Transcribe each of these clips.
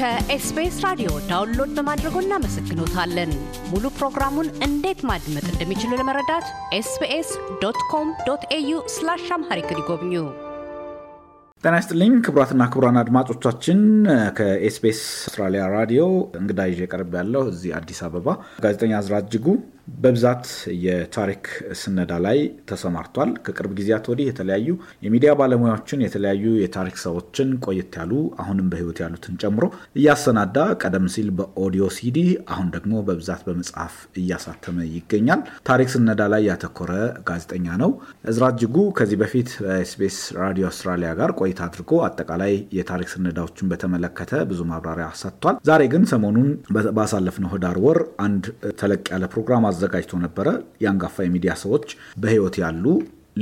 ከኤስቢኤስ ራዲዮ ዳውንሎድ በማድረጎ እናመሰግኖታለን። ሙሉ ፕሮግራሙን እንዴት ማድመጥ እንደሚችሉ ለመረዳት ኤስቢኤስ ዶት ኮም ዶት ኤዩ ስላሽ አምሃሪክ ይጎብኙ። ጤና ይስጥልኝ ክቡራትና ክቡራን አድማጮቻችን ከኤስቢኤስ አውስትራሊያ ራዲዮ እንግዳ ይዤ ቀርብ ያለው እዚህ አዲስ አበባ ጋዜጠኛ አዝራ እጅጉ በብዛት የታሪክ ስነዳ ላይ ተሰማርቷል። ከቅርብ ጊዜያት ወዲህ የተለያዩ የሚዲያ ባለሙያዎችን የተለያዩ የታሪክ ሰዎችን ቆየት ያሉ አሁንም በህይወት ያሉትን ጨምሮ እያሰናዳ ቀደም ሲል በኦዲዮ ሲዲ፣ አሁን ደግሞ በብዛት በመጽሐፍ እያሳተመ ይገኛል። ታሪክ ስነዳ ላይ ያተኮረ ጋዜጠኛ ነው። እዝራ እጅጉ ከዚህ በፊት በኤስቢኤስ ራዲዮ አውስትራሊያ ጋር ቆይታ አድርጎ አጠቃላይ የታሪክ ስነዳዎችን በተመለከተ ብዙ ማብራሪያ ሰጥቷል። ዛሬ ግን ሰሞኑን ባሳለፍነው ህዳር ወር አንድ ተለቅ ያለ ፕሮግራም አዘጋጅቶ ነበረ። የአንጋፋ የሚዲያ ሰዎች በህይወት ያሉ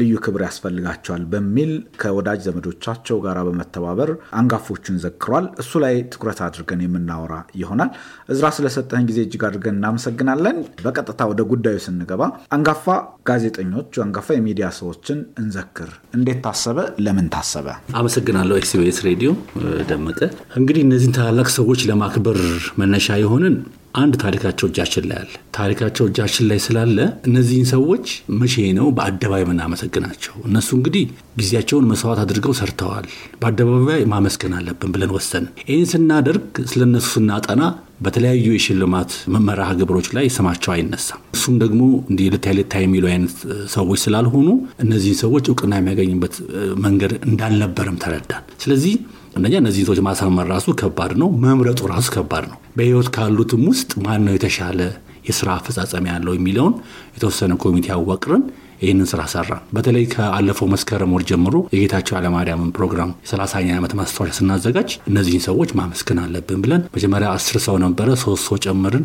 ልዩ ክብር ያስፈልጋቸዋል በሚል ከወዳጅ ዘመዶቻቸው ጋር በመተባበር አንጋፎቹን ዘክሯል። እሱ ላይ ትኩረት አድርገን የምናወራ ይሆናል። እዝራ ስለሰጠህን ጊዜ እጅግ አድርገን እናመሰግናለን። በቀጥታ ወደ ጉዳዩ ስንገባ አንጋፋ ጋዜጠኞች፣ አንጋፋ የሚዲያ ሰዎችን እንዘክር። እንዴት ታሰበ? ለምን ታሰበ? አመሰግናለሁ። ኤስቢኤስ ሬዲዮ ደመቀ። እንግዲህ እነዚህን ታላላቅ ሰዎች ለማክበር መነሻ የሆንን አንድ ታሪካቸው እጃችን ላይ አለ። ታሪካቸው እጃችን ላይ ስላለ እነዚህን ሰዎች መቼ ነው በአደባባይ ምናመሰግናቸው? እነሱ እንግዲህ ጊዜያቸውን መስዋዕት አድርገው ሰርተዋል። በአደባባይ ማመስገን አለብን ብለን ወሰን። ይህን ስናደርግ ስለነሱ ስናጠና በተለያዩ የሽልማት መርሃ ግብሮች ላይ ስማቸው አይነሳም። እሱም ደግሞ እንዲህ ልታይ ልታይ የሚሉ አይነት ሰዎች ስላልሆኑ እነዚህን ሰዎች እውቅና የሚያገኝበት መንገድ እንዳልነበረም ተረዳን። ስለዚህ እነዚ እነዚህን ሰዎች ማሳመን ራሱ ከባድ ነው። መምረጡ ራሱ ከባድ ነው። በህይወት ካሉትም ውስጥ ማን ነው የተሻለ የስራ አፈጻጸም ያለው የሚለውን የተወሰነ ኮሚቴ አዋቅረን ይህንን ስራ ሰራ። በተለይ ከአለፈው መስከረም ወር ጀምሮ የጌታቸው አለማርያምን ፕሮግራም የሰላሳኛ ዓመት ማስታወሻ ስናዘጋጅ እነዚህን ሰዎች ማመስገን አለብን ብለን መጀመሪያ አስር ሰው ነበረ፣ ሶስት ሰው ጨመርን።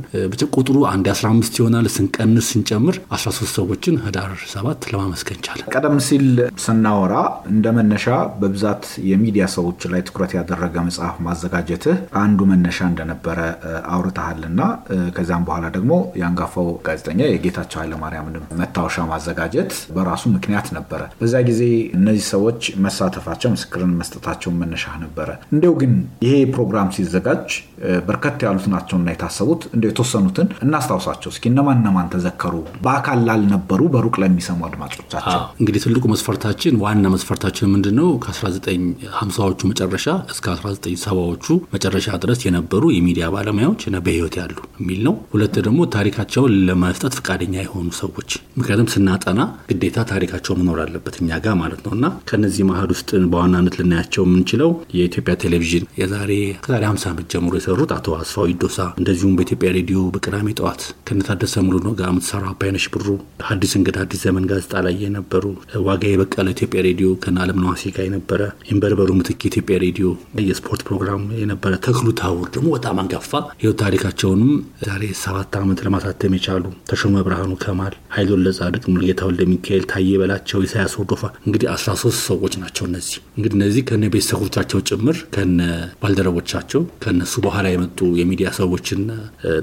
ቁጥሩ አንድ 15 ይሆናል። ስንቀንስ ስንጨምር 13 ሰዎችን ህዳር ሰባት ለማመስገን ቻለ። ቀደም ሲል ስናወራ እንደ መነሻ በብዛት የሚዲያ ሰዎች ላይ ትኩረት ያደረገ መጽሐፍ ማዘጋጀትህ አንዱ መነሻ እንደነበረ አውርተሃልና ከዚያም በኋላ ደግሞ የአንጋፋው ጋዜጠኛ የጌታቸው ኃይለማርያምን መታወሻ ማዘጋጀት መዘጋጀት በራሱ ምክንያት ነበረ። በዛ ጊዜ እነዚህ ሰዎች መሳተፋቸው፣ ምስክርን መስጠታቸው መነሻ ነበረ። እንዲው ግን ይሄ ፕሮግራም ሲዘጋጅ በርከት ያሉት ናቸውና የታሰቡት እንደ የተወሰኑትን እናስታውሳቸው እስኪ እነማን እነማን ተዘከሩ? በአካል ላልነበሩ በሩቅ ለሚሰሙ አድማጮቻቸው እንግዲህ ትልቁ መስፈርታችን ዋና መስፈርታችን ምንድን ነው? ከ1950ዎቹ መጨረሻ እስከ 1970ዎቹ መጨረሻ ድረስ የነበሩ የሚዲያ ባለሙያዎች በህይወት ያሉ የሚል ነው። ሁለት ደግሞ ታሪካቸውን ለመስጠት ፈቃደኛ የሆኑ ሰዎች ምክንያቱም ስናጠና ግዴታ ታሪካቸው መኖር አለበት እኛ ጋር ማለት ነው እና ከነዚህ መሀል ውስጥ በዋናነት ልናያቸው የምንችለው የኢትዮጵያ ቴሌቪዥን የዛሬ ከዛሬ 50 ዓመት ጀምሮ የሰሩት አቶ አስፋው ይዶሳ፣ እንደዚሁም በኢትዮጵያ ሬዲዮ በቅዳሜ ጠዋት ከነታደሰ ሙሉ ነው ጋር የምትሰራ አባይነሽ ብሩ፣ ሐዲስ እንግዳ አዲስ ዘመን ጋዜጣ ላይ የነበሩ ዋጋ የበቀለ ኢትዮጵያ ሬዲዮ አለም ነዋሲ ጋር የነበረ ኢንበርበሩ ምትክ የኢትዮጵያ ሬዲዮ የስፖርት ፕሮግራም የነበረ ተክሉ ታውር ደግሞ በጣም አንጋፋ ይኸው ታሪካቸውንም ዛሬ ሰባት ዓመት ለማሳተም የቻሉ ተሾመ ብርሃኑ ከማል ሀይሎን ለጻድቅ ሙልጌታ ወልደ ሚካኤል፣ ታዬ በላቸው፣ ኢሳያስ ወርዶፋ እንግዲህ 13 ሰዎች ናቸው። እነዚህ እንግዲህ እነዚህ ከነ ቤተሰቦቻቸው ጭምር ከነ ባልደረቦቻቸው ከነሱ በኋላ የመጡ የሚዲያ ሰዎችን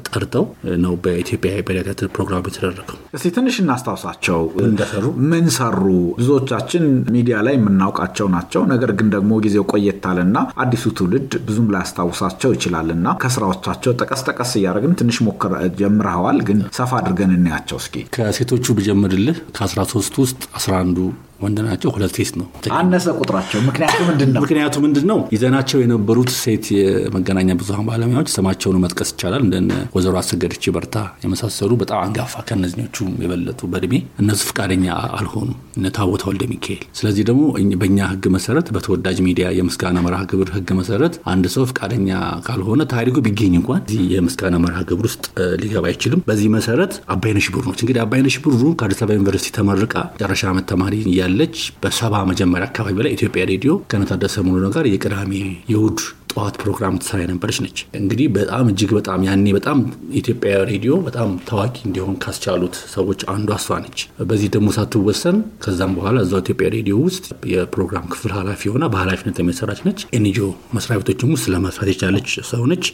ጠርተው ነው በኢትዮጵያ በረከት ፕሮግራም የተደረገው። እስቲ ትንሽ እናስታውሳቸው እንደሰሩ ምን ሰሩ። ብዙዎቻችን ሚዲያ ላይ የምናውቃቸው ናቸው። ነገር ግን ደግሞ ጊዜው ቆየታልና አዲሱ ትውልድ ብዙም ላያስታውሳቸው ይችላልና ከስራዎቻቸው ጠቀስ ጠቀስ እያደረግን ትንሽ ሞክር ጀምረዋል፣ ግን ሰፋ አድርገን እናያቸው እስኪ። ከሴቶቹ ብጀምርልህ 13 ውስጥ 11ዱ ወንድ ናቸው። ሁለት ሴት ነው አነሰ ቁጥራቸው። ምክንያቱ ምንድን ነው? ምክንያቱ ምንድን ነው? ይዘናቸው የነበሩት ሴት የመገናኛ ብዙሀን ባለሙያዎች ስማቸውን መጥቀስ ይቻላል። እንደ ወይዘሮ አሰገደች በርታ የመሳሰሉ በጣም አንጋፋ ከነዚኞቹ የበለጡ በእድሜ እነሱ ፈቃደኛ አልሆኑም። እነ ታቦተ ወልደ ሚካኤል። ስለዚህ ደግሞ በእኛ ህግ መሰረት በተወዳጅ ሚዲያ የምስጋና መርሃ ግብር ህግ መሰረት አንድ ሰው ፈቃደኛ ካልሆነ ታሪኩ ቢገኝ እንኳን እዚህ የምስጋና መርሃ ግብር ውስጥ ሊገባ አይችልም። በዚህ መሰረት አባይነሽ ብሩ ነች። እንግዲህ አባይነሽ ብሩ ከአዲስ አበባ ዩኒቨርሲቲ ተመርቃ ጨረሻ ዓመት ተማሪ እያለች በሰባ መጀመሪያ አካባቢ ላይ ኢትዮጵያ ሬዲዮ ከነታደሰ ሙሉ ጋር የቅዳሜ የውድ ጠዋት ፕሮግራም ትሰራ የነበረች ነች። እንግዲህ በጣም እጅግ በጣም ያኔ በጣም ኢትዮጵያ ሬዲዮ በጣም ታዋቂ እንዲሆን ካስቻሉት ሰዎች አንዷ አሷ ነች። በዚህ ደግሞ ሳትወሰን ከዛም በኋላ እዛው ኢትዮጵያ ሬዲዮ ውስጥ የፕሮግራም ክፍል ሀላፊ ሆና በሀላፊነት የሚሰራች ነች። ኤንጂኦ መስሪያ ቤቶችም ውስጥ ለመስራት የቻለች ሰው ነች።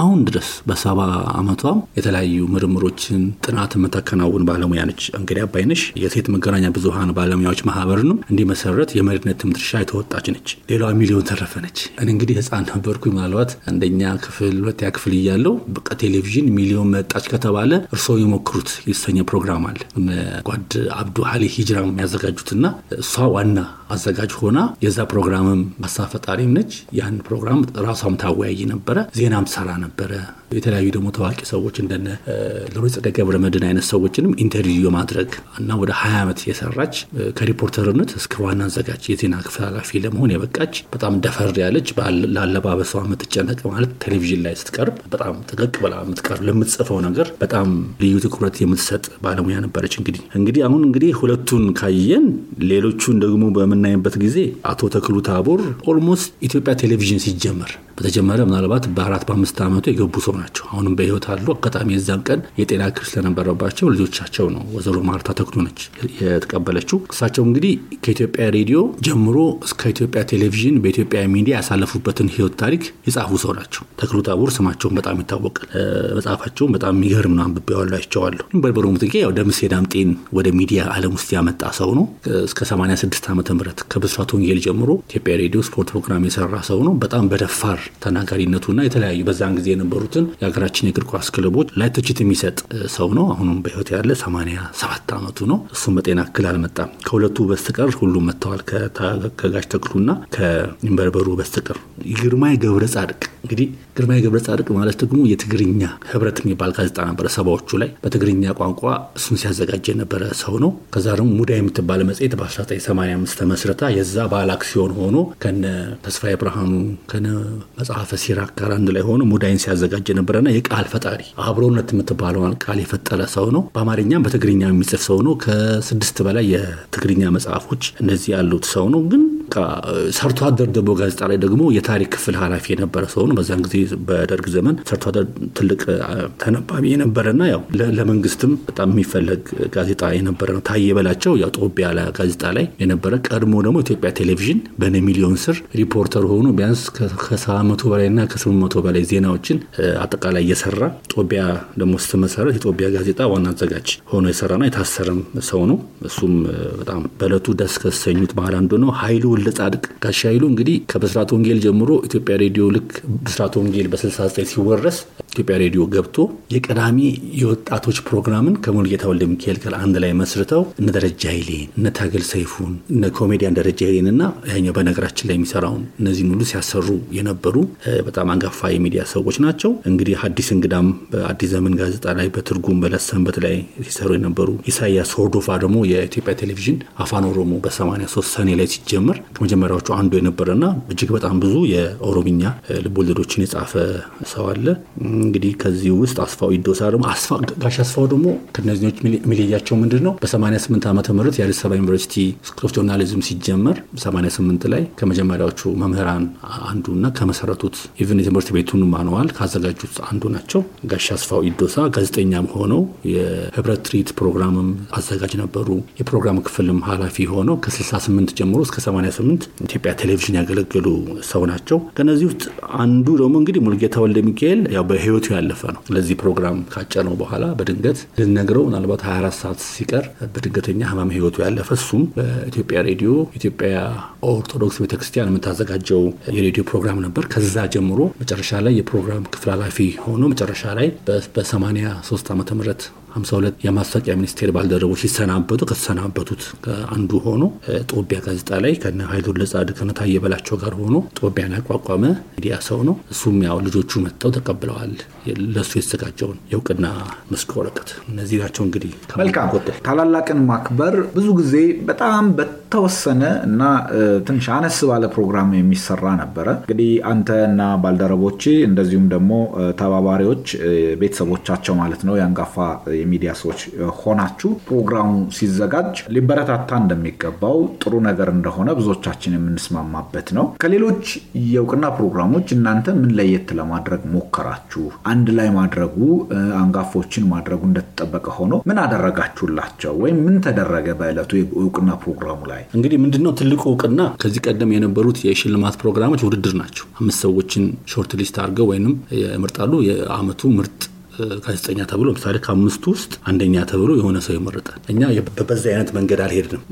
አሁን ድረስ በሰባ አመቷ የተለያዩ ምርምሮችን ጥናት የምታከናውን ባለሙያ ነች። እንግዲህ አባይነሽ የሴት መገናኛ ብዙሀን ባለሙያዎች ማህበርን እንዲመሰረት የመሪነትም ሻ የተወጣች ነች። ሌላዋ ሚሊዮን ተረፈ ነች። እንግዲህ ህፃን ነበርኩኝ። ምናልባት አንደኛ ክፍል ሁለተኛ ክፍል እያለው በቃ ቴሌቪዥን ሚሊዮን መጣች ከተባለ እርስዎ የሞክሩት የተሰኘ ፕሮግራም አለ ጓድ አብዱ ሀሊ ሂጅራ የሚያዘጋጁትና እሷ ዋና አዘጋጅ ሆና የዛ ፕሮግራምም ሀሳብ ፈጣሪም ነች። ያን ፕሮግራም ራሷም ታወያይ ነበረ፣ ዜናም ሰራ ነበረ። የተለያዩ ደግሞ ታዋቂ ሰዎች እንደነ ሎሬት ጸጋዬ መድን አይነት ሰዎችንም ኢንተርቪው ማድረግ እና ወደ ሀያ ዓመት የሰራች ከሪፖርተርነት እስከ ዋና አዘጋጅ የዜና ክፍል ኃላፊ ለመሆን የበቃች በጣም ደፈር ያለች ለአለባ በአበሷ የምትጨነቅ ማለት ቴሌቪዥን ላይ ስትቀርብ በጣም ጥንቅቅ ብላ የምትቀርብ ለምትጽፈው ነገር በጣም ልዩ ትኩረት የምትሰጥ ባለሙያ ነበረች። እንግዲህ እንግዲህ አሁን እንግዲህ ሁለቱን ካየን ሌሎቹን ደግሞ በምናይበት ጊዜ አቶ ተክሉ ታቦር ኦልሞስት ኢትዮጵያ ቴሌቪዥን ሲጀመር በተጀመረ ምናልባት በአራት በአምስት ዓመቱ የገቡ ሰው ናቸው። አሁንም በህይወት አሉ። አጋጣሚ የዛን ቀን የጤና ክር ስለነበረባቸው ልጆቻቸው ነው። ወይዘሮ ማርታ ተክኖ ነች የተቀበለችው። እሳቸው እንግዲህ ከኢትዮጵያ ሬዲዮ ጀምሮ እስከ ኢትዮጵያ ቴሌቪዥን በኢትዮጵያ ሚዲያ ያሳለፉበትን ህይወት ታሪክ የጻፉ ሰው ናቸው። ተክሉ ታቡር ስማቸውን በጣም ይታወቃል። መጽሐፋቸውን በጣም የሚገርም ነው። አንብቤዋላቸዋለሁ። በርበሮ ምትጌ ያው ደምሴ ዳምጤን ወደ ሚዲያ አለም ውስጥ ያመጣ ሰው ነው። እስከ 86 ዓመተ ምህረት ከብስራት ወንጌል ጀምሮ ኢትዮጵያ ሬዲዮ ስፖርት ፕሮግራም የሰራ ሰው ነው። በጣም በደፋር ተናጋሪነቱና የተለያዩ በዛን ጊዜ የነበሩትን የሀገራችን የእግር ኳስ ክለቦች ላይ ትችት የሚሰጥ ሰው ነው። አሁኑም በህይወት ያለ 87 ዓመቱ ነው። እሱም በጤና እክል አልመጣም። ከሁለቱ በስተቀር ሁሉም መጥተዋል። ከጋሽ ተክሉና ከሚንበርበሩ በስተቀር ግርማይ ገብረ ጻድቅ እንግዲህ ግርማይ ገብረ ጻድቅ ማለት ደግሞ የትግርኛ ህብረት የሚባል ጋዜጣ ነበረ ሰባዎቹ ላይ በትግርኛ ቋንቋ እሱን ሲያዘጋጀ የነበረ ሰው ነው። ከዛ ደግሞ ሙዳይ የምትባለ መጽሔት በ1985 ተመስረታ የዛ ባለ አክሲዮን ሆኖ ከነ ተስፋዬ ብርሃኑ ከነ መጽሐፈ ሲራክ ጋር አንድ ላይ ሆኖ ሙዳይን ሲያዘጋጅ የነበረና የቃል ፈጣሪ አብሮነት የምትባለውን ቃል የፈጠረ ሰው ነው። በአማርኛም በትግርኛ የሚጽፍ ሰው ነው። ከስድስት በላይ የትግርኛ መጽሐፎች እነዚህ ያሉት ሰው ነው ግን ሰርቶ አደር ደቦ ጋዜጣ ላይ ደግሞ የታሪክ ክፍል ኃላፊ የነበረ ሰው ነው። በዛን ጊዜ በደርግ ዘመን ሰርቶ አደር ትልቅ ተነባቢ የነበረና ያው ለመንግስትም በጣም የሚፈለግ ጋዜጣ የነበረ ነው። ታዬ በላቸው ያው ጦቢያ ጋዜጣ ላይ የነበረ ቀድሞ ደግሞ ኢትዮጵያ ቴሌቪዥን በነ ሚሊዮን ስር ሪፖርተር ሆኖ ቢያንስ ከሳም ከመቶ በላይ ና ከስምንት መቶ በላይ ዜናዎችን አጠቃላይ እየሰራ ጦቢያ ደግሞ ስትመሰረት የጦቢያ ጋዜጣ ዋና አዘጋጅ ሆኖ የሰራ የሰራና የታሰረም ሰው ነው። እሱም በጣም በእለቱ ደስ ከሰኙት መሀል አንዱ ነው። ሀይሉ ወልደ ጻድቅ ጋሽ ኃይሉ እንግዲህ ከብስራት ወንጌል ጀምሮ ኢትዮጵያ ሬዲዮ ልክ ብስራት ወንጌል በ69 ሲወረስ ኢትዮጵያ ሬዲዮ ገብቶ የቀዳሚ የወጣቶች ፕሮግራምን ከሙልጌታ ወልደ ሚካኤል ጋር አንድ ላይ መስርተው እነ ደረጃ ኃይሌን እነ ታገል ሰይፉን እነ ኮሜዲያን ደረጃ ኃይሌን እና ያኛው በነገራችን ላይ የሚሰራውን እነዚህን ሁሉ ሲያሰሩ የነበሩ በጣም አንጋፋ የሚዲያ ሰዎች ናቸው። እንግዲህ አዲስ እንግዳም በአዲስ ዘመን ጋዜጣ ላይ በትርጉም በለሰንበት ላይ ሲሰሩ የነበሩ ኢሳያስ ሆርዶፋ ደግሞ የኢትዮጵያ ቴሌቪዥን አፋን ኦሮሞ በ83 ሰኔ ላይ ሲጀመር ከመጀመሪያዎቹ አንዱ የነበረና እጅግ በጣም ብዙ የኦሮምኛ ልብ የጻፈ ሰው አለ። እንግዲህ ከዚህ ውስጥ አስፋው ይዶሳ ደግሞ ጋሽ አስፋው ደግሞ ከነዚህኞች የሚለያቸው ምንድን ነው? በ88 ዓመተ ምህረት የአዲስ አበባ ዩኒቨርሲቲ ስኩል ኦፍ ጆርናሊዝም ሲጀመር 88 ላይ ከመጀመሪያዎቹ መምህራን አንዱና ከመሰረቱት ኢቨን የትምህርት ቤቱን ማንዋል ካዘጋጁት አንዱ ናቸው። ጋሽ አስፋው ይዶሳ ጋዜጠኛም ሆነው የህብረት ትርኢት ፕሮግራምም አዘጋጅ ነበሩ። የፕሮግራም ክፍልም ኃላፊ ሆነው ከ68 ጀምሮ እስከ 88 ኢትዮጵያ ቴሌቪዥን ያገለገሉ ሰው ናቸው። ከነዚህ ውስጥ አንዱ ደግሞ እንግዲህ ሙልጌታ ወልደ ሚካኤል ያው በህይወት ህይወቱ ያለፈ ነው። ለዚህ ፕሮግራም ካጨነው በኋላ በድንገት ልነግረው ምናልባት 24 ሰዓት ሲቀር በድንገተኛ ህመም ህይወቱ ያለፈ እሱም በኢትዮጵያ ሬዲዮ ኢትዮጵያ ኦርቶዶክስ ቤተክርስቲያን የምታዘጋጀው የሬዲዮ ፕሮግራም ነበር። ከዛ ጀምሮ መጨረሻ ላይ የፕሮግራም ክፍል ኃላፊ ሆኖ መጨረሻ ላይ በ83 ዓ ምህረት 52 የማስታወቂያ ሚኒስቴር ባልደረቦች ሲሰናበቱ ከተሰናበቱት አንዱ ሆኖ ጦቢያ ጋዜጣ ላይ ከነ ሀይሉ ለጻድ ከነታ የበላቸው ጋር ሆኖ ጦቢያን ያቋቋመ ሚዲያ ሰው ነው። እሱም ያው ልጆቹ መጥተው ተቀብለዋል ለእሱ የተዘጋጀውን የእውቅና መስክ ወረቀት። እነዚህ ናቸው እንግዲህ መልካም ታላላቅን ማክበር ብዙ ጊዜ በጣም በተወሰነ እና ትንሽ አነስ ባለ ፕሮግራም የሚሰራ ነበረ። እንግዲህ አንተ እና ባልደረቦች እንደዚሁም ደግሞ ተባባሪዎች ቤተሰቦቻቸው ማለት ነው የአንጋፋ የሚዲያ ሰዎች ሆናችሁ ፕሮግራሙ ሲዘጋጅ ሊበረታታ እንደሚገባው ጥሩ ነገር እንደሆነ ብዙዎቻችን የምንስማማበት ነው። ከሌሎች የእውቅና ፕሮግራሞች እናንተ ምን ለየት ለማድረግ ሞከራችሁ? አንድ ላይ ማድረጉ አንጋፎችን ማድረጉ እንደተጠበቀ ሆኖ ምን አደረጋችሁላቸው ወይም ምን ተደረገ በዕለቱ የእውቅና ፕሮግራሙ ላይ? እንግዲህ ምንድነው ትልቁ እውቅና ከዚህ ቀደም የነበሩት የሽልማት ፕሮግራሞች ውድድር ናቸው። አምስት ሰዎችን ሾርት ሊስት አድርገው ወይም ይመርጣሉ። የአመቱ ምርጥ ጋዜጠኛ ተብሎ ለምሳሌ ከአምስቱ ውስጥ አንደኛ ተብሎ የሆነ ሰው ይመረጣል። እኛ በዛ አይነት መንገድ አልሄድንም።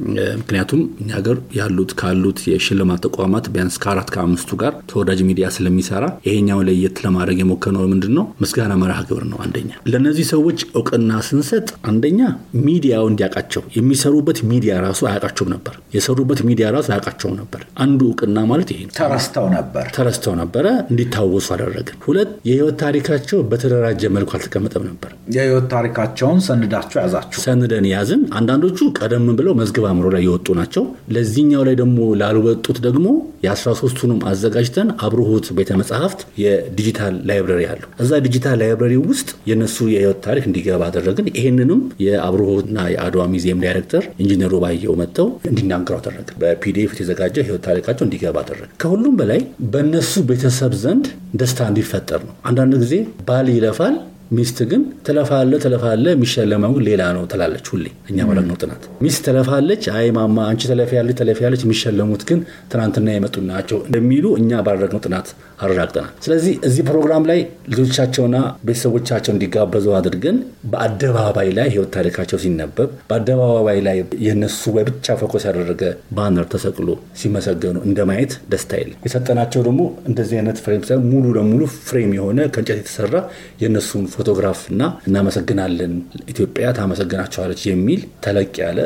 ምክንያቱም እኛ ሀገር ያሉት ካሉት የሽልማት ተቋማት ቢያንስ ከአራት ከአምስቱ ጋር ተወዳጅ ሚዲያ ስለሚሰራ ይሄኛው ለየት ለማድረግ የሞከርነው ምንድን ነው ምስጋና መርሃ ግብር ነው። አንደኛ ለእነዚህ ሰዎች እውቅና ስንሰጥ አንደኛ ሚዲያው እንዲያውቃቸው የሚሰሩበት ሚዲያ ራሱ አያውቃቸውም ነበር። የሰሩበት ሚዲያ ራሱ አያውቃቸውም ነበር። አንዱ እውቅና ማለት ይሄ ነው። ተረስተው ነበር ተረስተው ነበረ እንዲታወሱ አደረግን። ሁለት የህይወት ታሪካቸው በተደራጀ መልኩ አልተቀመጠም ነበር። የህይወት ታሪካቸውን ሰንዳችሁ ያዛችሁ። ሰንደን ያዝን። አንዳንዶቹ ቀደም ብለው መዝገብ አእምሮ ላይ የወጡ ናቸው። ለዚህኛው ላይ ደግሞ ላልወጡት ደግሞ የ13ቱንም አዘጋጅተን አብርሆት ቤተ መጽሐፍት የዲጂታል ላይብረሪ አለው። እዛ ዲጂታል ላይብረሪ ውስጥ የነሱ የህይወት ታሪክ እንዲገባ አደረግን። ይሄንንም የአብርሆትና የአድዋ ሚዚየም ዳይሬክተር ኢንጂነሩ ባየው መጥተው እንዲናገሩ አደረግ። በፒዲኤፍ የተዘጋጀ ህይወት ታሪካቸው እንዲገባ አደረግ። ከሁሉም በላይ በነሱ ቤተሰብ ዘንድ ደስታ እንዲፈጠር ነው። አንዳንድ ጊዜ ባል ይለፋል ሚስት ግን ትለፋለ ትለፋለ የሚሸለመው ሌላ ነው ትላለች ሁሌ እኛ ማለት ነው ጥናት ሚስት ትለፋለች አይ ማማ አንቺ ትለፊያለች ትለፊያለች የሚሸለሙት ግን ትናንትና የመጡ ናቸው እንደሚሉ እኛ ባደረግነው ጥናት አረጋግጠናል ስለዚህ እዚህ ፕሮግራም ላይ ልጆቻቸውና ቤተሰቦቻቸው እንዲጋበዙ አድርገን በአደባባይ ላይ ህይወት ታሪካቸው ሲነበብ በአደባባይ ላይ የነሱ ወይ ብቻ ፎኮስ ያደረገ ባነር ተሰቅሎ ሲመሰገኑ እንደማየት ደስታ ይል የሰጠናቸው ደግሞ እንደዚህ አይነት ፍሬም ሙሉ ለሙሉ ፍሬም የሆነ ከእንጨት የተሰራ የነሱን ፎቶግራፍ እና እናመሰግናለን ኢትዮጵያ ታመሰግናቸዋለች የሚል ተለቅ ያለ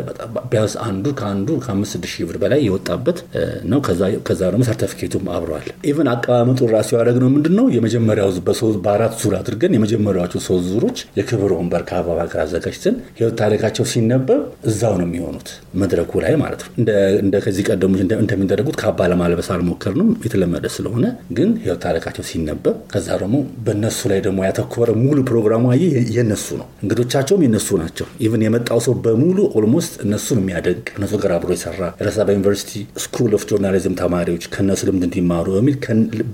ቢያንስ አንዱ ከአንዱ ከአምስት ስድስት ሺህ ብር በላይ የወጣበት ነው። ከዛ ደግሞ ሰርተፊኬቱም አብረዋል። ኢቨን አቀማመጡ ራሱ ነው ምንድን ነው የመጀመሪያው በአራት ዙር አድርገን የመጀመሪያቸው ሶስት ዙሮች የክብር ወንበር ከአበባ ጋር አዘጋጅትን ህይወት ታሪካቸው ሲነበብ እዛው ነው የሚሆኑት መድረኩ ላይ ማለት ነው። እንደ ከዚህ ቀደሙ እንደሚደረጉት ካባ ለማልበስ አልሞከርንም የተለመደ ስለሆነ ግን ህይወት ታሪካቸው ሲነበብ ከዛ ደግሞ በእነሱ ላይ ደግሞ ያተኮረ ሙሉ ሙሉ ፕሮግራሙ የነሱ ነው። እንግዶቻቸውም የነሱ ናቸው። ኢቨን የመጣው ሰው በሙሉ ኦልሞስት እነሱን የሚያደግ እነሱ ጋር አብሮ የሰራ ረሳ በዩኒቨርሲቲ ስኩል ኦፍ ጆርናሊዝም ተማሪዎች ከነሱ ልምድ እንዲማሩ በሚል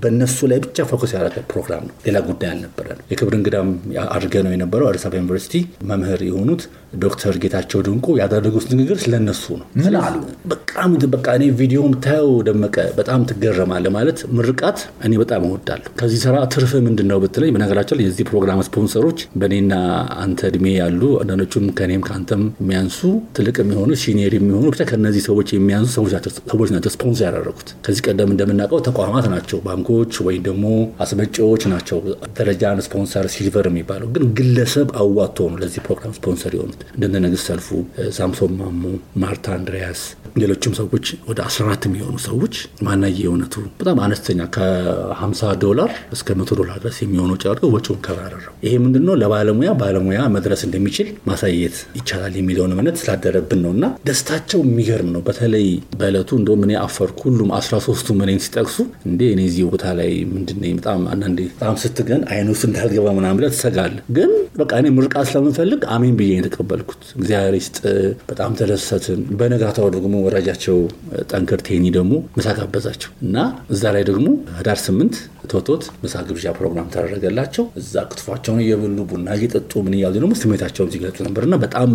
በነሱ ላይ ብቻ ፎከስ ያደረገ ፕሮግራም ነው። ሌላ ጉዳይ አልነበረ የክብር እንግዳም አድርገ ነው የነበረው። አዲስ አበባ ዩኒቨርሲቲ መምህር የሆኑት ዶክተር ጌታቸው ድንቁ ያደረጉት ንግግር ስለነሱ ነው። ስላሉ በጣም በቃ እኔ ቪዲዮ ታየው ደመቀ በጣም ትገረማለ ማለት ምርቃት እኔ በጣም እወዳለሁ። ከዚህ ስራ ትርፍ ምንድን ነው ብትለኝ፣ በነገራችን የዚህ ፕሮግራም ስፖንሰሮች በእኔና አንተ እድሜ ያሉ አንዳንዶቹም ከኔም ከአንተም የሚያንሱ ትልቅ የሚሆኑ ሲኒየር የሚሆኑ ብቻ ከነዚህ ሰዎች የሚያንሱ ሰዎች ናቸው ስፖንሰር ያደረጉት። ከዚህ ቀደም እንደምናውቀው ተቋማት ናቸው፣ ባንኮች ወይም ደግሞ አስመጪዎች ናቸው ደረጃ ስፖንሰር ሲልቨር የሚባለው ግን ግለሰብ አዋቶ ነው ለዚህ ፕሮግራም ስፖንሰር የሆኑት እንደነ ንግስት ሰልፉ፣ ሳምሶን ማሙ፣ ማርታ አንድሪያስ ሌሎችም ሰዎች ወደ 14 የሚሆኑ ሰዎች ማናየ የእውነቱ በጣም አነስተኛ ከ50 ዶላር እስከ 100 ዶላር ድረስ የሚሆነው ጨርገው ወጪውን ከበር አደረጉ። ይሄ ምንድነው ለባለሙያ ባለሙያ መድረስ እንደሚችል ማሳየት ይቻላል የሚለውን እምነት ስላደረብን ነው እና ደስታቸው የሚገርም ነው። በተለይ በእለቱ እንደውም እኔ አፈርኩ። ሁሉም 13ቱ እኔን ሲጠቅሱ እንዴ እኔ እዚህ ቦታ ላይ ምንድነ በጣም አንዳንዴ በጣም ስትገን አይን ውስጥ እንዳልገባ ምናምን ብለ ትሰጋለ ግን በቃ እኔ ምርቃ ስለምንፈልግ አሜን ብዬ የተቀበልኩት እግዚአብሔር ይስጥ በጣም ተደሰትን። በነጋታው ደግሞ ወዳጃቸው ጠንክር ቴኒ ደግሞ ምሳ ጋበዛቸው እና እዛ ላይ ደግሞ ህዳር ስምንት ቶቶት ምሳ ግብዣ ፕሮግራም ተደረገላቸው። እዛ ክትፏቸውን እየበሉ ቡና እየጠጡ ምን እያሉ ደግሞ ስሜታቸውን ሲገልጹ ነበርና በጣም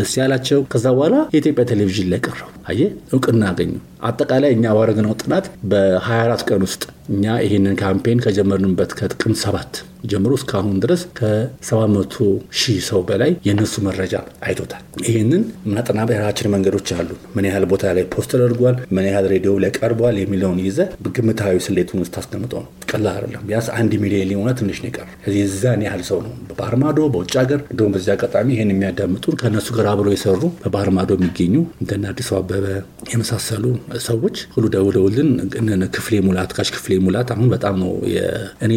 ደስ ያላቸው። ከዛ በኋላ የኢትዮጵያ ቴሌቪዥን ላይ ቀረቡ። አየ እውቅና አገኙ። አጠቃላይ እኛ ባረግነው ጥናት በ24 ቀን ውስጥ እኛ ይህንን ካምፔን ከጀመርንበት ከጥቅምት ሰባት ጀምሮ እስካሁን ድረስ ከ700 ሺህ ሰው በላይ የነሱ መረጃ አይቶታል። ይህንን ብሔራችን መንገዶች አሉ። ምን ያህል ቦታ ላይ ፖስት ተደርጓል፣ ምን ያህል ሬዲዮ ላይ ቀርቧል የሚለውን ይዘ ግምታዊ ስሌቱን ስታስቀምጠው ነው። ቀላል አይደለም። ቢያንስ አንድ ሚሊዮን ሊሆነ ትንሽ ነው ይቀር። ከዚህ እዛን ያህል ሰው ነው በባህርማዶ በውጭ ሀገር እንደሁም በዚህ አጋጣሚ ይህን የሚያዳምጡን ከእነሱ ጋር አብሮ የሰሩ በባህር ማዶ የሚገኙ እንደነ አዲሱ አበበ የመሳሰሉ ሰዎች ሁሉ ደውለውልን ክፍሌ ሙላት፣ ካሽ ክፍሌ ሙላት አሁን በጣም ነው እኔ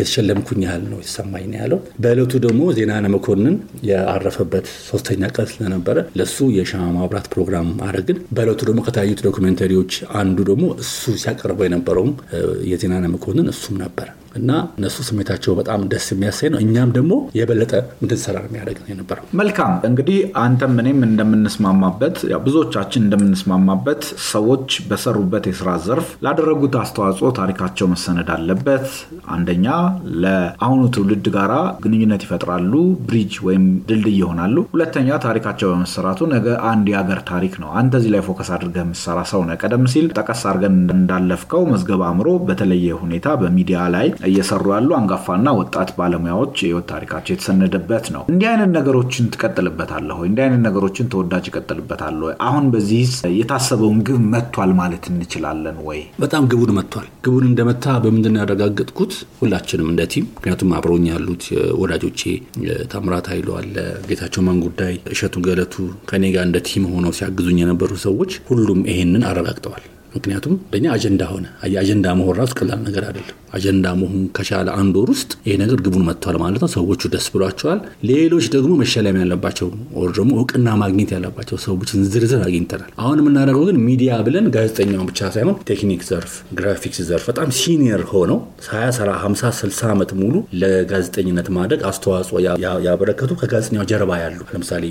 የተሸለምኩኝ ያህል ነው የተሰማኝ ነው ያለው። በእለቱ ደግሞ ዜናነ መኮንን ያረፈበት ሶስተኛ ቀን ስለነበረ ለሱ የሻማ ማብራት ፕሮግራም አደረግን። በእለቱ ደግሞ ከታዩት ዶክመንተሪዎች አንዱ ደግሞ እሱ ሲያቀርበው የነበረውም የዜናነ መኮንን እሱም ነበር። እና እነሱ ስሜታቸው በጣም ደስ የሚያሳይ ነው። እኛም ደግሞ የበለጠ እንድንሰራ የሚያደግ ነው የነበረው። መልካም እንግዲህ አንተም እኔም እንደምንስማማበት ብዙዎቻችን እንደምንስማማበት ሰዎች በሰሩበት የስራ ዘርፍ ላደረጉት አስተዋጽኦ ታሪካቸው መሰነድ አለበት። አንደኛ ለአሁኑ ትውልድ ጋራ ግንኙነት ይፈጥራሉ፣ ብሪጅ ወይም ድልድይ ይሆናሉ። ሁለተኛ ታሪካቸው በመሰራቱ ነገ አንድ የሀገር ታሪክ ነው። አንተ እዚህ ላይ ፎከስ አድርገህ የምሰራ ሰው ነህ። ቀደም ሲል ጠቀስ አድርገን እንዳለፍከው መዝገብ አእምሮ በተለየ ሁኔታ በሚዲያ ላይ እየሰሩ ያሉ አንጋፋና ወጣት ባለሙያዎች የህይወት ታሪካቸው የተሰነደበት ነው። እንዲህ አይነት ነገሮችን ትቀጥልበታለህ ወይ? እንዲህ አይነት ነገሮችን ተወዳጅ ይቀጥልበታለህ ወይ? አሁን በዚህ የታሰበውን ግብ መቷል ማለት እንችላለን ወይ? በጣም ግቡን መቷል። ግቡን እንደመታ በምንድን ያረጋገጥኩት? ሁላችንም እንደ ቲም፣ ምክንያቱም አብረውኝ ያሉት ወዳጆቼ ታምራት ኃይሉ አለ፣ ጌታቸው ማን ጉዳይ፣ እሸቱ ገለቱ ከኔ ጋር እንደ ቲም ሆነው ሲያግዙኝ የነበሩ ሰዎች ሁሉም ይሄንን አረጋግጠዋል። ምክንያቱም ለእኛ አጀንዳ ሆነ። አጀንዳ መሆን ራሱ ቀላል ነገር አይደለም። አጀንዳ መሆን ከቻለ አንድ ወር ውስጥ ይሄ ነገር ግቡን መጥቷል ማለት ነው። ሰዎቹ ደስ ብሏቸዋል። ሌሎች ደግሞ መሸለም ያለባቸው ወር ደግሞ እውቅና ማግኘት ያለባቸው ሰዎችን ዝርዝር አግኝተናል። አሁን የምናደርገው ግን ሚዲያ ብለን ጋዜጠኛውን ብቻ ሳይሆን ቴክኒክ ዘርፍ፣ ግራፊክስ ዘርፍ በጣም ሲኒየር ሆነው 20፣ 50፣ 60 ዓመት ሙሉ ለጋዜጠኝነት ማደግ አስተዋጽኦ ያበረከቱ ከጋዜጠኛው ጀርባ ያሉ ለምሳሌ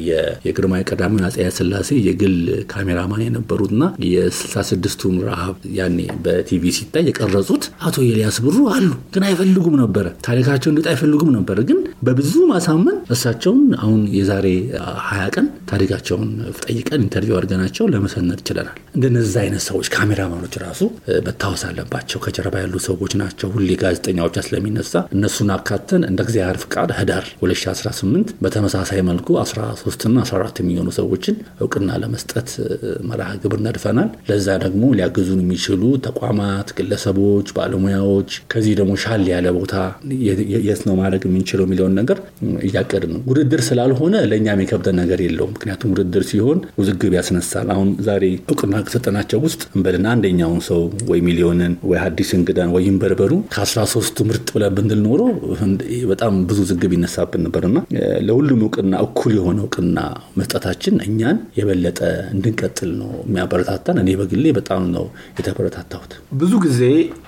የግርማዊ ቀዳማዊ ኃይለ የግል ካሜራማን የነበሩትና የ66ቱ የአገሪቱን ረሃብ ያኔ በቲቪ ሲታይ የቀረጹት አቶ ኤልያስ ብሩ አሉ። ግን አይፈልጉም ነበረ ታሪካቸው እንዲወጣ አይፈልጉም ነበር። ግን በብዙ ማሳመን እሳቸውን አሁን የዛሬ ሀያ ቀን ታሪካቸውን ጠይቀን ኢንተርቪው አድርገናቸው ለመሰነድ ችለናል። እንደነዚ አይነት ሰዎች ካሜራማኖች ራሱ መታወስ አለባቸው። ከጀርባ ያሉ ሰዎች ናቸው። ሁሌ ጋዜጠኛዎች ስለሚነሳ እነሱን አካተን እንደ እግዚአብሔር ፍቃድ ህዳር 2018 በተመሳሳይ መልኩ 13ና 14 የሚሆኑ ሰዎችን እውቅና ለመስጠት መርሃ ግብር ነድፈናል። ለዛ ደግሞ ሊያግዙን የሚችሉ ተቋማት፣ ግለሰቦች፣ ባለሙያዎች ከዚህ ደግሞ ሻል ያለ ቦታ የት ነው ማድረግ የምንችለው የሚለውን ነገር እያቀድ ነው። ውድድር ስላልሆነ ለእኛም የከብደ ነገር የለውም። ምክንያቱም ውድድር ሲሆን ውዝግብ ያስነሳል። አሁን ዛሬ እውቅና ከሰጠናቸው ውስጥ እንበልና አንደኛውን ሰው ወይ ሚሊዮንን ወይ ሀዲስ እንግዳን ወይም በርበሩ ከ13ቱ ምርጥ ብለን ብንል ኖሮ በጣም ብዙ ዝግብ ይነሳብን ነበርና ለሁሉም እውቅና እኩል የሆነ እውቅና መስጠታችን እኛን የበለጠ እንድንቀጥል ነው የሚያበረታታን። እኔ በግሌ በጣም ነው የተበረታታሁት። ብዙ ጊዜ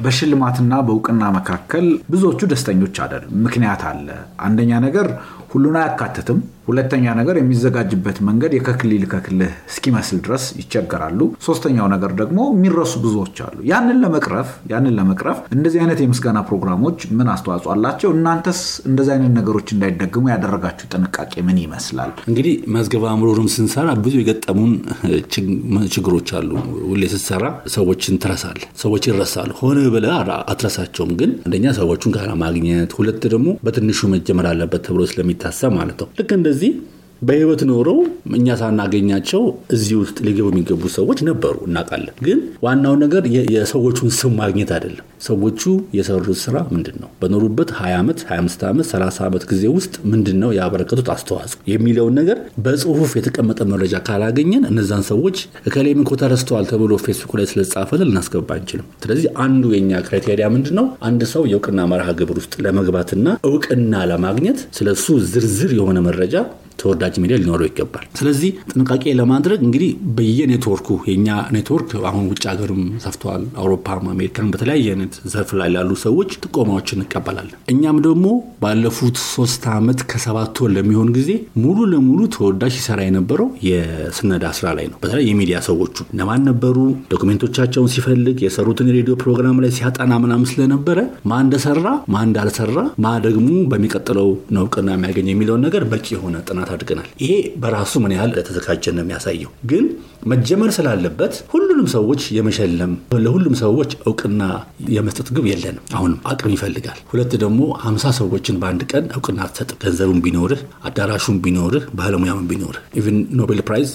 በሽልማትና በእውቅና መካከል ብዙዎቹ ደስተኞች አይደሉም። ምክንያት አለ። አንደኛ ነገር ሁሉን አያካትትም። ሁለተኛ ነገር የሚዘጋጅበት መንገድ የከክልል ከክልህ እስኪመስል ድረስ ይቸገራሉ። ሶስተኛው ነገር ደግሞ የሚረሱ ብዙዎች አሉ። ያንን ለመቅረፍ ያንን ለመቅረፍ እንደዚህ አይነት የምስጋና ፕሮግራሞች ምን አስተዋጽኦ አላቸው? እናንተስ እንደዚህ አይነት ነገሮች እንዳይደግሙ ያደረጋችሁ ጥንቃቄ ምን ይመስላል? እንግዲህ መዝገበ አእምሮንም ስንሰራ ብዙ የገጠሙን ችግሮች አሉ። ሁሌ ስትሰራ ሰዎችን ትረሳል። ሰዎች ይረሳሉ። ሆነ ብለ አትረሳቸውም። ግን አንደኛ ሰዎቹን ጋር ማግኘት፣ ሁለት ደግሞ በትንሹ መጀመር አለበት ተብሎ ስለሚ ሲታሰብ ማለት ነው። ልክ እንደዚህ በህይወት ኖረው እኛ ሳናገኛቸው እዚህ ውስጥ ሊገቡ የሚገቡ ሰዎች ነበሩ፣ እናውቃለን። ግን ዋናው ነገር የሰዎቹን ስም ማግኘት አይደለም። ሰዎቹ የሰሩት ስራ ምንድን ነው? በኖሩበት 20 ዓመት፣ 25 ዓመት፣ 30 ዓመት ጊዜ ውስጥ ምንድን ነው ያበረከቱት አስተዋጽኦ የሚለውን ነገር በጽሁፍ የተቀመጠ መረጃ ካላገኘን እነዛን ሰዎች እከሌም እኮ ተረስተዋል ተብሎ ፌስቡክ ላይ ስለጻፈልን ልናስገባ አንችልም። ስለዚህ አንዱ የኛ ክራይቴሪያ ምንድን ነው? አንድ ሰው የእውቅና መርሃ ግብር ውስጥ ለመግባትና እውቅና ለማግኘት ስለሱ ዝርዝር የሆነ መረጃ ተወዳጅ ሚዲያ ሊኖረው ይገባል። ስለዚህ ጥንቃቄ ለማድረግ እንግዲህ በየኔትወርኩ የኛ ኔትወርክ አሁን ውጭ ሀገርም ሰፍተዋል፣ አውሮፓም አሜሪካም በተለያየ አይነት ዘርፍ ላይ ላሉ ሰዎች ጥቆማዎችን እንቀበላለን። እኛም ደግሞ ባለፉት ሶስት ዓመት ከሰባት ወር ለሚሆን ጊዜ ሙሉ ለሙሉ ተወዳጅ ሲሰራ የነበረው የስነዳ ስራ ላይ ነው። በተለይ የሚዲያ ሰዎቹ ለማን ነበሩ? ዶክሜንቶቻቸውን ሲፈልግ የሰሩትን የሬዲዮ ፕሮግራም ላይ ሲያጠና ምናም ስለነበረ ማ እንደሰራ ማ እንዳልሰራ፣ ማ ደግሞ በሚቀጥለው ነውቅና የሚያገኝ የሚለውን ነገር በቂ የሆነ ጥናት አሳድገናል። ይሄ በራሱ ምን ያህል ለተዘጋጀን ነው የሚያሳየው። ግን መጀመር ስላለበት ሁሉንም ሰዎች የመሸለም ለሁሉም ሰዎች እውቅና የመስጠት ግብ የለንም። አሁንም አቅም ይፈልጋል። ሁለት ደግሞ ሀምሳ ሰዎችን በአንድ ቀን እውቅና አትሰጥም። ገንዘቡን ቢኖርህ አዳራሹን ቢኖርህ ባለሙያም ቢኖርህ ኢቭን ኖቤል ፕራይዝ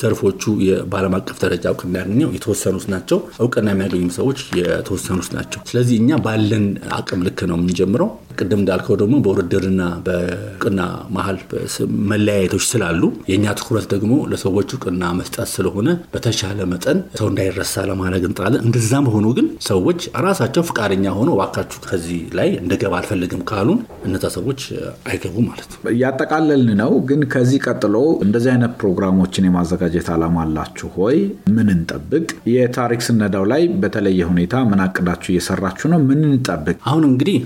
ዘርፎቹ በዓለም አቀፍ ደረጃ እውቅና ያገኘው የተወሰኑት ናቸው። እውቅና የሚያገኙም ሰዎች የተወሰኑት ናቸው። ስለዚህ እኛ ባለን አቅም ልክ ነው የምንጀምረው። ቅድም እንዳልከው ደግሞ በውድድርና በእውቅና መሀል መለያየቶች ስላሉ የእኛ ትኩረት ደግሞ ለሰዎች እውቅና መስጠት ስለሆነ በተሻለ መጠን ሰው እንዳይረሳ ለማድረግ እንጣለን። እንደዛም ሆኖ ግን ሰዎች ራሳቸው ፈቃደኛ ሆኖ እባካችሁ ከዚህ ላይ እንደገባ አልፈልግም ካሉን እነዛ ሰዎች አይገቡ ማለት ነው። እያጠቃለልን ነው። ግን ከዚህ ቀጥሎ እንደዚህ አይነት ፕሮግራሞችን የማዘጋጀት አላማ አላችሁ ሆይ? ምን እንጠብቅ? የታሪክ ስነዳው ላይ በተለየ ሁኔታ ምን አቅዳችሁ እየሰራችሁ ነው? ምን እንጠብቅ? አሁን እንግዲህ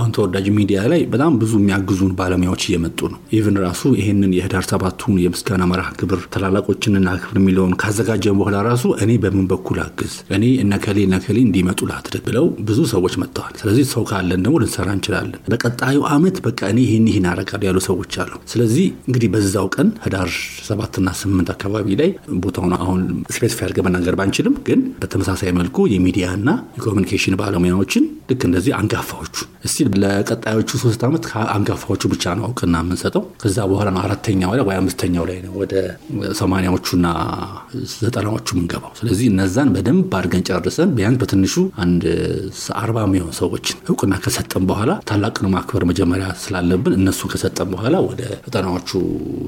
አሁን ተወዳጅ ሚዲያ ላይ በጣም ብዙ የሚያግዙን ባለሙያዎች እየመጡ ነው። ኢቭን ራሱ ይሄ ይህንን የህዳር ሰባቱን የምስጋና መርሃ ግብር ታላላቆችንና ክብር የሚለውን ካዘጋጀን በኋላ ራሱ እኔ በምን በኩል አግዝ እኔ እነከሌ እነከሌ እንዲመጡ ላድርግ ብለው ብዙ ሰዎች መጥተዋል። ስለዚህ ሰው ካለን ደግሞ ልንሰራ እንችላለን። በቀጣዩ አመት በቃ እኔ ይህን ይህን አደርጋለሁ ያሉ ሰዎች አሉ። ስለዚህ እንግዲህ በዛው ቀን ህዳር ሰባትና ስምንት አካባቢ ላይ ቦታውን አሁን ስፔስፊ አድርገን መናገር ባንችልም ግን በተመሳሳይ መልኩ የሚዲያና የኮሚኒኬሽን ባለሙያዎችን ልክ እንደዚህ አንጋፋዎቹ እስቲ ለቀጣዮቹ ሶስት ዓመት ከአንጋፋዎቹ ብቻ ነው አውቅና የምንሰጠው። ከዛ በኋላ አራተኛው ላይ ወይ አምስተኛው ላይ ነው ወደ ሰማንያዎቹና ዘጠናዎቹ ምንገባው። ስለዚህ እነዛን በደንብ አድርገን ጨርሰን ቢያንስ በትንሹ አንድ አርባ የሚሆን ሰዎችን እውቅና ከሰጠን በኋላ ታላቅን ማክበር መጀመሪያ ስላለብን እነሱ ከሰጠን በኋላ ወደ ዘጠናዎቹ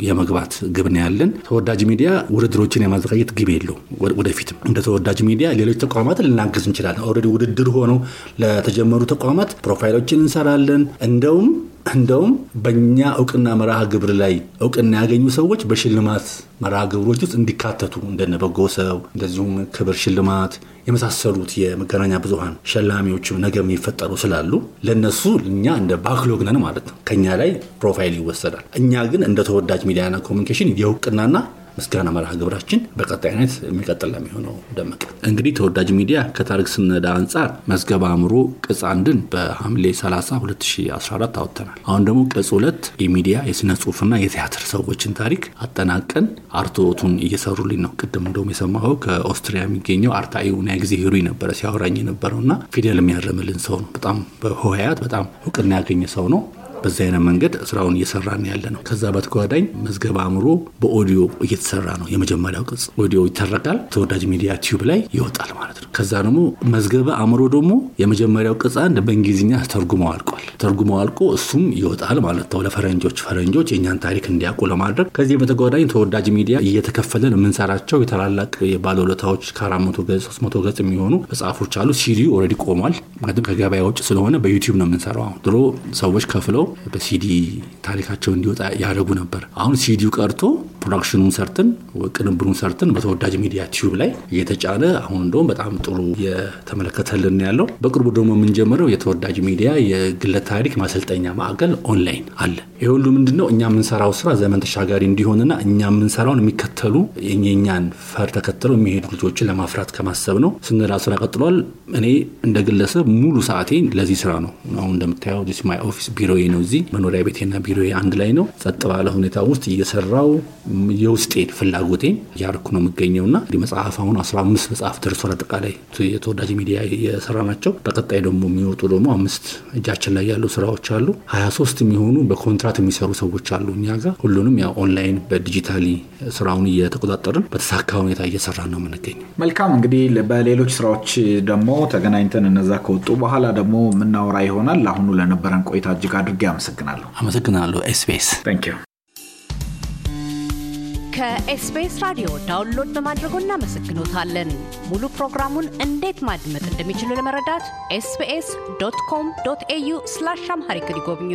የመግባት ግብ ያለን። ተወዳጅ ሚዲያ ውድድሮችን የማዘጋጀት ግብ የለው ወደፊትም እንደ ተወዳጅ ሚዲያ ሌሎች ተቋማትን ልናግዝ እንችላለን። ረ ውድድር ሆነው ለተጀመሩ ተቋማት ፕሮፋይሎችን እንሰራለን እንደውም እንደውም በእኛ እውቅና መርሃ ግብር ላይ እውቅና ያገኙ ሰዎች በሽልማት መርሃ ግብሮች ውስጥ እንዲካተቱ እንደነ በጎ ሰው እንደዚሁም ክብር ሽልማት የመሳሰሉት የመገናኛ ብዙሀን ሸላሚዎች ነገ የሚፈጠሩ ስላሉ ለነሱ እኛ እንደ ባክሎግ ነን ማለት ነው። ከኛ ላይ ፕሮፋይል ይወሰዳል። እኛ ግን እንደ ተወዳጅ ሚዲያና ኮሚኒኬሽን የእውቅናና ምስጋና መርሃ ግብራችን በቀጣይነት የሚቀጥል ለሚሆነው ደመቀ እንግዲህ ተወዳጅ ሚዲያ ከታሪክ ስነዳ አንጻር መዝገበ አእምሮ ቅጽ አንድን በሐምሌ 30 2014 አወጥተናል። አሁን ደግሞ ቅጽ ሁለት የሚዲያ የስነ ጽሁፍና የቲያትር ሰዎችን ታሪክ አጠናቀን አርቶቱን እየሰሩልኝ ነው። ቅድም እንደውም የሰማኸው ከኦስትሪያ የሚገኘው አርታኢ ና ጊዜ ሂሩ ነበረ ሲያወራኝ የነበረውና ፊደል የሚያረምልን ሰው ነው። በጣም በሆያት በጣም እውቅና ያገኘ ሰው ነው። በዚ አይነት መንገድ ስራውን እየሰራን ያለ ነው። ከዛ በተጓዳኝ መዝገበ አእምሮ በኦዲዮ እየተሰራ ነው። የመጀመሪያው ቅጽ ኦዲዮ ይተረካል፣ ተወዳጅ ሚዲያ ቲዩብ ላይ ይወጣል ማለት ነው። ከዛ ደግሞ መዝገበ አእምሮ ደግሞ የመጀመሪያው ቅጽ አንድ በእንግሊዝኛ ተርጉሞ አልቋል። ተርጉሞ አልቆ እሱም ይወጣል ማለት ነው። ለፈረንጆች ፈረንጆች የእኛን ታሪክ እንዲያውቁ ለማድረግ ከዚህ በተጓዳኝ ተወዳጅ ሚዲያ እየተከፈለን የምንሰራቸው የታላላቅ ባለውለታዎች ከአራት መቶ ገጽ ሶስት መቶ ገጽ የሚሆኑ መጽሐፎች አሉ። ሲዲ ኦልሬዲ ቆሟል። ምክንያቱም ከገበያ ውጭ ስለሆነ በዩቲዩብ ነው የምንሰራው። አሁን ድሮ ሰዎች ከፍለው በሲዲ ታሪካቸው እንዲወጣ ያደረጉ ነበር። አሁን ሲዲው ቀርቶ ፕሮዳክሽኑን ሰርትን ቅንብሩን ሰርተን በተወዳጅ ሚዲያ ቲዩብ ላይ እየተጫነ አሁን እንደውም በጣም ጥሩ የተመለከተልን ያለው። በቅርቡ ደግሞ የምንጀምረው የተወዳጅ ሚዲያ የግለ ታሪክ ማሰልጠኛ ማዕከል ኦንላይን አለ። ይህ ሁሉ ምንድነው እኛ የምንሰራው ስራ ዘመን ተሻጋሪ እንዲሆንና እኛ የምንሰራውን የሚከተሉ የኛን ፈር ተከትለው የሚሄዱ ልጆችን ለማፍራት ከማሰብ ነው። ስንላ ስራ ቀጥሏል። እኔ እንደ ግለሰብ ሙሉ ሰዓቴን ለዚህ ስራ ነው። አሁን እንደምታየው ዲስ ማይ ኦፊስ ቢሮ ነው። እዚህ መኖሪያ ቤቴና ቢሮ አንድ ላይ ነው። ጸጥ ባለ ሁኔታ ውስጥ እየሰራው የውስጤን ፍላጎቴን እያርኩ ነው የምገኘው እና መጽሐፍ አሁን 15 መጽሐፍ ደርሷል። አጠቃላይ የተወዳጅ ሚዲያ የሰራ ናቸው። በቀጣይ ደግሞ የሚወጡ ደግሞ አምስት እጃችን ላይ ያሉ ስራዎች አሉ። 23 የሚሆኑ በኮንትራት የሚሰሩ ሰዎች አሉ እኛ ጋር ሁሉንም ያው ኦንላይን በዲጂታሊ ስራውን እየተቆጣጠርን በተሳካ ሁኔታ እየሰራ ነው የምንገኘው። መልካም እንግዲህ በሌሎች ስራዎች ደግሞ ተገናኝተን እነዛ ከወጡ በኋላ ደግሞ የምናወራ ይሆናል። አሁኑ ለነበረን ቆይታ እጅግ አድርጌ አመሰግናለሁ። አመሰግናለሁ። ኤስቢኤስ ከኤስቤስ ራዲዮ ዳውንሎድ በማድረጎ እናመሰግኖታለን። ሙሉ ፕሮግራሙን እንዴት ማድመጥ እንደሚችሉ ለመረዳት ኤስቤስ ኮም ኤዩ ስላሽ አምሃሪክ ይጎብኙ።